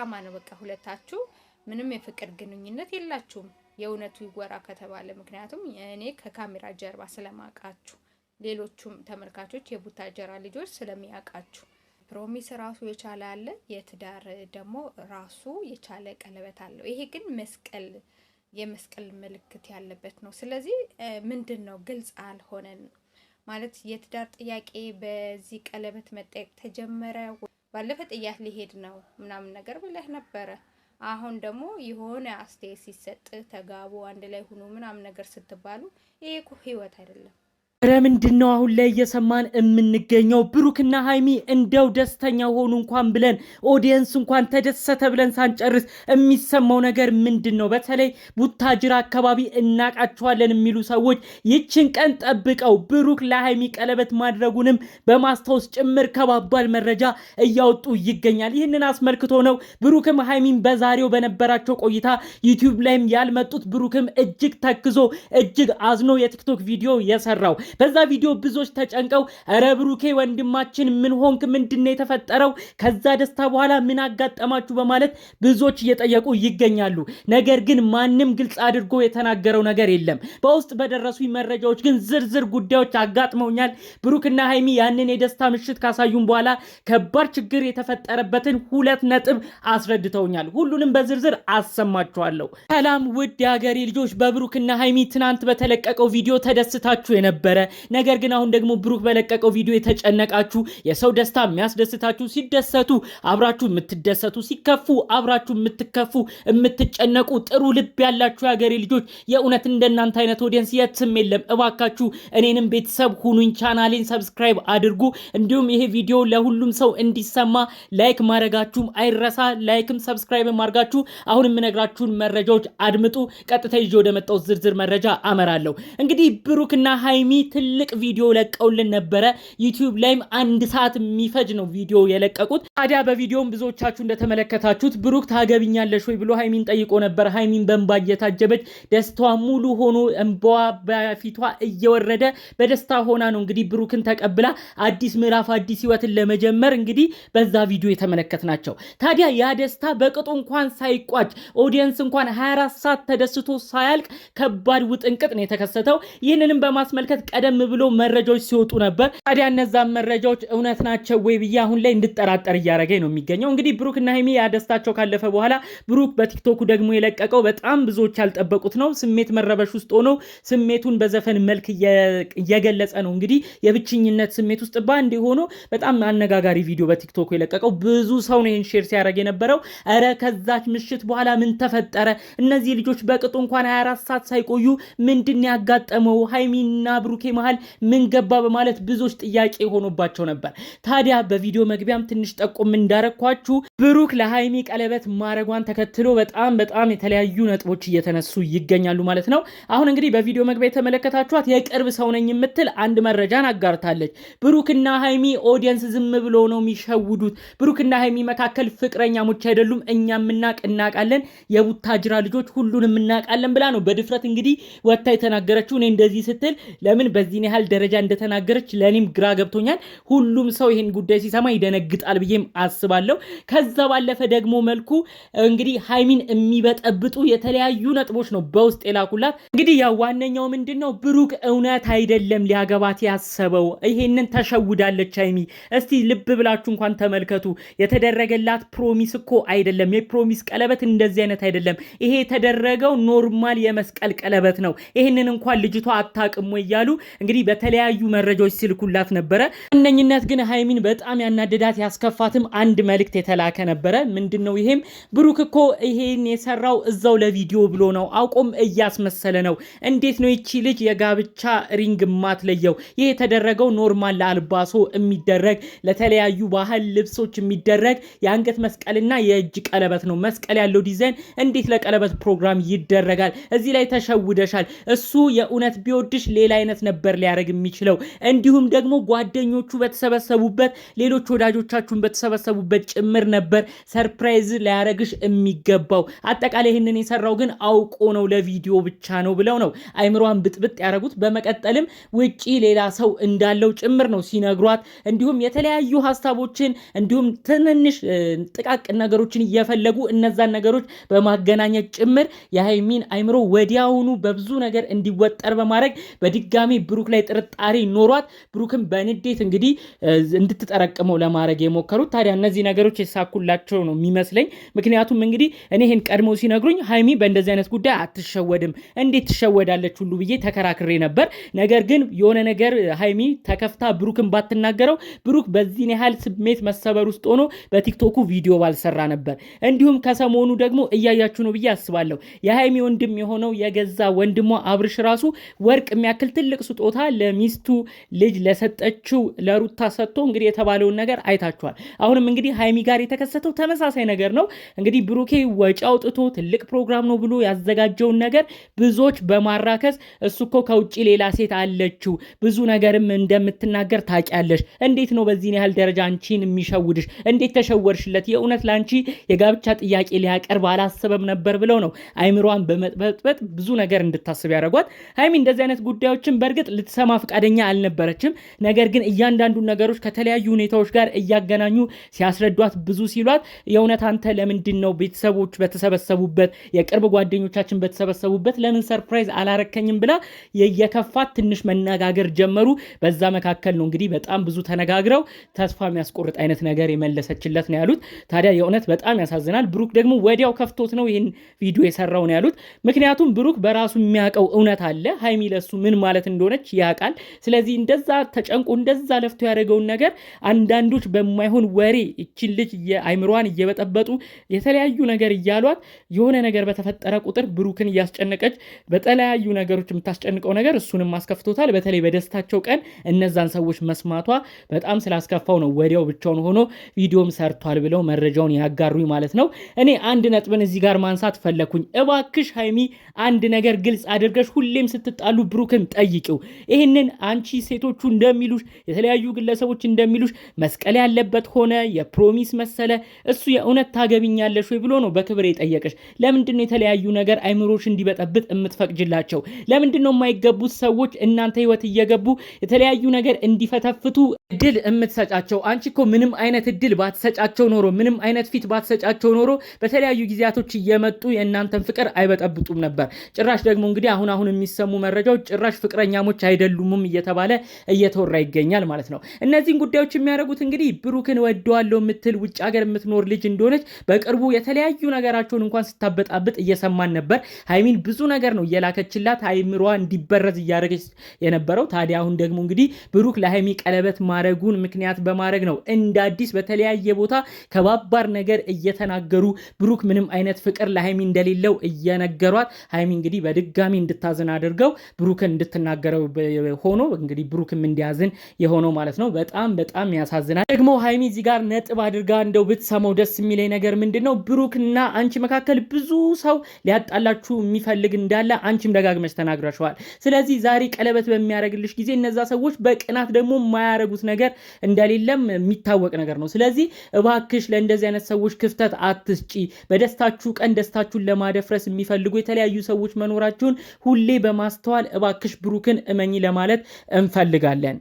ድራማ ነው። በቃ ሁለታችሁ ምንም የፍቅር ግንኙነት የላችሁም። የእውነቱ ይወራ ከተባለ ምክንያቱም እኔ ከካሜራ ጀርባ ስለማውቃችሁ፣ ሌሎቹም ተመልካቾች የቡታጀራ ልጆች ስለሚያውቃችሁ ፕሮሚስ ራሱ የቻለ አለ። የትዳር ደግሞ ራሱ የቻለ ቀለበት አለው። ይሄ ግን መስቀል የመስቀል ምልክት ያለበት ነው። ስለዚህ ምንድን ነው ግልጽ አልሆነን ማለት የትዳር ጥያቄ በዚህ ቀለበት መጠየቅ ተጀመረ። ባለፈ ጥያት ሊሄድ ነው ምናምን ነገር ብለህ ነበረ። አሁን ደግሞ የሆነ አስተያየት ሲሰጥ ተጋቡ፣ አንድ ላይ ሁኑ ምናምን ነገር ስትባሉ ይሄ እኮ ህይወት አይደለም። ለምንድን ነው አሁን ላይ እየሰማን የምንገኘው? ብሩክና ሀይሚ እንደው ደስተኛ ሆኑ እንኳን ብለን ኦዲየንስ እንኳን ተደሰተ ብለን ሳንጨርስ የሚሰማው ነገር ምንድን ነው? በተለይ ቡታጅራ አካባቢ እናቃቸዋለን የሚሉ ሰዎች ይችን ቀን ጠብቀው ብሩክ ለሀይሚ ቀለበት ማድረጉንም በማስታወስ ጭምር ከባባል መረጃ እያወጡ ይገኛል። ይህንን አስመልክቶ ነው ብሩክም ሀይሚን በዛሬው በነበራቸው ቆይታ ዩቲዩብ ላይም ያልመጡት። ብሩክም እጅግ ተክዞ እጅግ አዝኖ የቲክቶክ ቪዲዮ የሰራው በዛ ቪዲዮ ብዙዎች ተጨንቀው እረ ብሩኬ ወንድማችን ምን ሆንክ? ምንድን የተፈጠረው? ከዛ ደስታ በኋላ ምን አጋጠማችሁ? በማለት ብዙዎች እየጠየቁ ይገኛሉ። ነገር ግን ማንም ግልጽ አድርጎ የተናገረው ነገር የለም። በውስጥ በደረሱ መረጃዎች ግን ዝርዝር ጉዳዮች አጋጥመውኛል። ብሩክና ሀይሚ ያንን የደስታ ምሽት ካሳዩም በኋላ ከባድ ችግር የተፈጠረበትን ሁለት ነጥብ አስረድተውኛል። ሁሉንም በዝርዝር አሰማችኋለሁ። ሰላም ውድ የሀገሬ ልጆች፣ በብሩክና ሀይሚ ትናንት በተለቀቀው ቪዲዮ ተደስታችሁ የነበረ ነገር ግን አሁን ደግሞ ብሩክ በለቀቀው ቪዲዮ የተጨነቃችሁ የሰው ደስታ የሚያስደስታችሁ ሲደሰቱ አብራችሁ የምትደሰቱ ሲከፉ አብራችሁ የምትከፉ የምትጨነቁ ጥሩ ልብ ያላችሁ የሀገሬ ልጆች የእውነት እንደናንተ አይነት ኦዲየንስ የትም የለም። እባካችሁ እኔንም ቤተሰብ ሁኑኝ፣ ቻናሌን ሰብስክራይብ አድርጉ። እንዲሁም ይሄ ቪዲዮ ለሁሉም ሰው እንዲሰማ ላይክ ማድረጋችሁም አይረሳ። ላይክም ሰብስክራይብ አድርጋችሁ አሁን የምነግራችሁን መረጃዎች አድምጡ። ቀጥታ ይዤ ወደ መጣሁት ዝርዝር መረጃ አመራለሁ። እንግዲህ ብሩክና ሀይሚ ትልቅ ቪዲዮ ለቀውልን ነበረ። ዩቲዩብ ላይም አንድ ሰዓት የሚፈጅ ነው ቪዲዮ የለቀቁት። ታዲያ በቪዲዮም ብዙዎቻችሁ እንደተመለከታችሁት ብሩክ ታገብኛለሽ ወይ ብሎ ሀይሚን ጠይቆ ነበር። ሀይሚን በእንባ እየታጀበች ደስታዋ ሙሉ ሆኖ እንባዋ በፊቷ እየወረደ በደስታ ሆና ነው እንግዲህ ብሩክን ተቀብላ አዲስ ምዕራፍ አዲስ ህይወትን ለመጀመር እንግዲህ በዛ ቪዲዮ የተመለከት ናቸው። ታዲያ ያ ደስታ በቅጡ እንኳን ሳይቋጭ ኦዲየንስ እንኳን 24 ሰዓት ተደስቶ ሳያልቅ ከባድ ውጥንቅጥ ነው የተከሰተው። ይህንንም በማስመልከት ቀደም ብሎ መረጃዎች ሲወጡ ነበር። ታዲያ እነዛን መረጃዎች እውነት ናቸው ወይ ብዬ አሁን ላይ እንድጠራጠር እያደረገኝ ነው የሚገኘው። እንግዲህ ብሩክና ሀይሚ ያደስታቸው ካለፈ በኋላ ብሩክ በቲክቶኩ ደግሞ የለቀቀው በጣም ብዙዎች ያልጠበቁት ነው። ስሜት መረበሽ ውስጥ ሆኖ ስሜቱን በዘፈን መልክ እየገለጸ ነው። እንግዲህ የብቸኝነት ስሜት ውስጥ ባንድ የሆኑ በጣም አነጋጋሪ ቪዲዮ በቲክቶኩ የለቀቀው ብዙ ሰው ነው ይህን ሼር ሲያደርግ የነበረው። እረ ከዛች ምሽት በኋላ ምን ተፈጠረ? እነዚህ ልጆች በቅጡ እንኳን 24 ሰዓት ሳይቆዩ ምንድን ያጋጠመው? ሀይሚና ብሩኬ በዚህ መሀል ምን ገባ በማለት ብዙዎች ጥያቄ ሆኖባቸው ነበር። ታዲያ በቪዲዮ መግቢያም ትንሽ ጠቁም እንዳረኳችሁ ብሩክ ለሀይሚ ቀለበት ማድረጓን ተከትሎ በጣም በጣም የተለያዩ ነጥቦች እየተነሱ ይገኛሉ ማለት ነው። አሁን እንግዲህ በቪዲዮ መግቢያ የተመለከታችኋት የቅርብ ሰው ነኝ የምትል አንድ መረጃን አጋርታለች። ብሩክና ሀይሚ ኦዲየንስ ዝም ብሎ ነው የሚሸውዱት፣ ብሩክና ሀይሚ መካከል ፍቅረኛሞች አይደሉም፣ እኛ የምናቅ እናቃለን፣ የቡታጅራ ልጆች ሁሉን የምናቃለን ብላ ነው በድፍረት እንግዲህ ወታ የተናገረችው። እኔ እንደዚህ ስትል ለምን በዚህን ያህል ደረጃ እንደተናገረች ለእኔም ግራ ገብቶኛል። ሁሉም ሰው ይህን ጉዳይ ሲሰማ ይደነግጣል ብዬም አስባለሁ። ከዛ ባለፈ ደግሞ መልኩ እንግዲህ ሀይሚን የሚበጠብጡ የተለያዩ ነጥቦች ነው በውስጥ የላኩላት። እንግዲህ ያው ዋነኛው ምንድን ነው ብሩክ እውነት አይደለም ሊያገባት ያሰበው፣ ይሄንን ተሸውዳለች ሀይሚ። እስቲ ልብ ብላችሁ እንኳን ተመልከቱ። የተደረገላት ፕሮሚስ እኮ አይደለም፣ የፕሮሚስ ቀለበት እንደዚህ አይነት አይደለም። ይሄ የተደረገው ኖርማል የመስቀል ቀለበት ነው። ይህንን እንኳን ልጅቷ አታቅሞ እያሉ እንግዲህ በተለያዩ መረጃዎች ሲልኩላት ነበረ። እነኝነት ግን ሀይሚን በጣም ያናደዳት ያስከፋትም አንድ መልእክት የተላከ ነበረ። ምንድን ነው ይሄም? ብሩክ እኮ ይሄን የሰራው እዛው ለቪዲዮ ብሎ ነው፣ አውቆም እያስመሰለ ነው። እንዴት ነው ይቺ ልጅ የጋብቻ ሪንግ ማትለየው? ይህ የተደረገው ኖርማል ለአልባሶ የሚደረግ ለተለያዩ ባህል ልብሶች የሚደረግ የአንገት መስቀልና የእጅ ቀለበት ነው። መስቀል ያለው ዲዛይን እንዴት ለቀለበት ፕሮግራም ይደረጋል? እዚህ ላይ ተሸውደሻል። እሱ የእውነት ቢወድሽ ሌላ አይነት ነበር ሊያደርግ የሚችለው። እንዲሁም ደግሞ ጓደኞቹ በተሰበሰቡበት፣ ሌሎች ወዳጆቻችሁን በተሰበሰቡበት ጭምር ነበር ሰርፕራይዝ ሊያደርግሽ የሚገባው። አጠቃላይ ይህንን የሰራው ግን አውቆ ነው ለቪዲዮ ብቻ ነው ብለው ነው አይምሯን ብጥብጥ ያደረጉት። በመቀጠልም ውጪ ሌላ ሰው እንዳለው ጭምር ነው ሲነግሯት፣ እንዲሁም የተለያዩ ሀሳቦችን እንዲሁም ትንንሽ ጥቃቅን ነገሮችን እየፈለጉ እነዛን ነገሮች በማገናኘት ጭምር የሀይሚን አይምሮ ወዲያውኑ በብዙ ነገር እንዲወጠር በማድረግ በድጋሚ ብሩክ ላይ ጥርጣሬ ኖሯት ብሩክን በንዴት እንግዲህ እንድትጠረቅመው ለማድረግ የሞከሩት ታዲያ እነዚህ ነገሮች የሳኩላቸው ነው የሚመስለኝ። ምክንያቱም እንግዲህ እኔ ይህን ሲነግሩኝ ሀይሚ በእንደዚህ አይነት ጉዳይ አትሸወድም፣ እንዴት ትሸወዳለች ሁሉ ብዬ ተከራክሬ ነበር። ነገር ግን የሆነ ነገር ሀይሚ ተከፍታ ብሩክን ባትናገረው ብሩክ በዚህን ያህል ስሜት መሰበር ውስጥ ሆኖ በቲክቶኩ ቪዲዮ ባልሰራ ነበር። እንዲሁም ከሰሞኑ ደግሞ እያያችሁ ነው ብዬ አስባለሁ። የሀይሚ ወንድም የሆነው የገዛ ወንድሟ አብርሽ ራሱ ወርቅ የሚያክል ትልቅ ስጦታ ለሚስቱ ልጅ ለሰጠችው ለሩታ ሰጥቶ እንግዲህ የተባለውን ነገር አይታችኋል። አሁንም እንግዲህ ሀይሚ ጋር የተከሰተው ተመሳሳይ ነገር ነው። እንግዲህ ብሩኬ ወጪ አውጥቶ ትልቅ ፕሮግራም ነው ብሎ ያዘጋጀውን ነገር ብዙዎች በማራከስ እሱ እኮ ከውጭ ሌላ ሴት አለችው ብዙ ነገርም እንደምትናገር ታውቂያለሽ፣ እንዴት ነው በዚህን ያህል ደረጃ አንቺን የሚሸውድሽ? እንዴት ተሸወርሽለት? የእውነት ለአንቺ የጋብቻ ጥያቄ ሊያቀርብ አላሰበም ነበር ብለው ነው አይምሯን በመጥበጥበጥ ብዙ ነገር እንድታስብ ያደረጓት ሀይሚ እንደዚህ አይነት ጉዳዮችን በእርግ በእርግጥ ልትሰማ ፈቃደኛ አልነበረችም። ነገር ግን እያንዳንዱ ነገሮች ከተለያዩ ሁኔታዎች ጋር እያገናኙ ሲያስረዷት ብዙ ሲሏት የእውነት አንተ ለምንድን ነው ቤተሰቦች በተሰበሰቡበት የቅርብ ጓደኞቻችን በተሰበሰቡበት ለምን ሰርፕራይዝ አላረከኝም ብላ የከፋት ትንሽ መነጋገር ጀመሩ። በዛ መካከል ነው እንግዲህ በጣም ብዙ ተነጋግረው ተስፋ የሚያስቆርጥ አይነት ነገር የመለሰችለት ነው ያሉት። ታዲያ የእውነት በጣም ያሳዝናል። ብሩክ ደግሞ ወዲያው ከፍቶት ነው ይህን ቪዲዮ የሰራው ነው ያሉት። ምክንያቱም ብሩክ በራሱ የሚያውቀው እውነት አለ ሀይሚ ለሱ ምን ማለት እንደሆነ እንደሆነች ያውቃል። ስለዚህ እንደዛ ተጨንቆ እንደዛ ለፍቶ ያደረገውን ነገር አንዳንዶች በማይሆን ወሬ እችን ልጅ አይምሯን እየበጠበጡ የተለያዩ ነገር እያሏት የሆነ ነገር በተፈጠረ ቁጥር ብሩክን እያስጨነቀች በተለያዩ ነገሮች የምታስጨንቀው ነገር እሱንም አስከፍቶታል። በተለይ በደስታቸው ቀን እነዛን ሰዎች መስማቷ በጣም ስላስከፋው ነው ወዲያው ብቻውን ሆኖ ቪዲዮም ሰርቷል ብለው መረጃውን ያጋሩኝ ማለት ነው። እኔ አንድ ነጥብን እዚህ ጋር ማንሳት ፈለኩኝ። እባክሽ ሀይሚ አንድ ነገር ግልጽ አድርገሽ ሁሌም ስትጣሉ ብሩክን ጠይቂው። ይህንን አንቺ ሴቶቹ እንደሚሉሽ የተለያዩ ግለሰቦች እንደሚሉሽ መስቀል ያለበት ሆነ የፕሮሚስ መሰለ እሱ የእውነት ታገቢኛለሽ ወይ ብሎ ነው በክብር የጠየቀሽ። ለምንድን ነው የተለያዩ ነገር አይምሮሽ እንዲበጠብጥ የምትፈቅጅላቸው? ለምንድን ነው የማይገቡት ሰዎች እናንተ ህይወት እየገቡ የተለያዩ ነገር እንዲፈተፍቱ እድል የምትሰጫቸው? አንቺ እኮ ምንም አይነት እድል ባትሰጫቸው ኖሮ፣ ምንም አይነት ፊት ባትሰጫቸው ኖሮ በተለያዩ ጊዜያቶች እየመጡ የእናንተን ፍቅር አይበጠብጡም ነበር። ጭራሽ ደግሞ እንግዲህ አሁን አሁን የሚሰሙ መረጃዎች ጭራሽ ፍቅረኛ ጓደኛሞች አይደሉምም እየተባለ እየተወራ ይገኛል ማለት ነው። እነዚህን ጉዳዮች የሚያደርጉት እንግዲህ ብሩክን ወደዋለው የምትል ውጭ ሀገር የምትኖር ልጅ እንደሆነች በቅርቡ የተለያዩ ነገራቸውን እንኳን ስታበጣብጥ እየሰማን ነበር። ሀይሚን ብዙ ነገር ነው እየላከችላት አይምሯ እንዲበረዝ እያደረገች የነበረው። ታዲያ አሁን ደግሞ እንግዲህ ብሩክ ለሀይሚ ቀለበት ማድረጉን ምክንያት በማድረግ ነው እንደ አዲስ በተለያየ ቦታ ከባባር ነገር እየተናገሩ ብሩክ ምንም አይነት ፍቅር ለሀይሚ እንደሌለው እየነገሯት ሀይሚ እንግዲህ በድጋሚ እንድታዝን አድርገው ብሩክን እንድትናገረው ሆኖ እንግዲህ ብሩክም እንዲያዝን የሆነው ማለት ነው። በጣም በጣም ያሳዝናል። ደግሞ ሀይሚ እዚህ ጋር ነጥብ አድርጋ እንደው ብትሰማው ደስ የሚለኝ ነገር ምንድን ነው፣ ብሩክና አንቺ መካከል ብዙ ሰው ሊያጣላችሁ የሚፈልግ እንዳለ አንቺም ደጋግመች ተናግረሸዋል። ስለዚህ ዛሬ ቀለበት በሚያደርግልሽ ጊዜ እነዛ ሰዎች በቅናት ደግሞ ማያደረጉት ነገር እንደሌለም የሚታወቅ ነገር ነው። ስለዚህ እባክሽ ለእንደዚህ አይነት ሰዎች ክፍተት አትስጪ። በደስታችሁ ቀን ደስታችሁን ለማደፍረስ የሚፈልጉ የተለያዩ ሰዎች መኖራችሁን ሁሌ በማስተዋል እባክሽ ብሩክን እመኝ ለማለት እንፈልጋለን።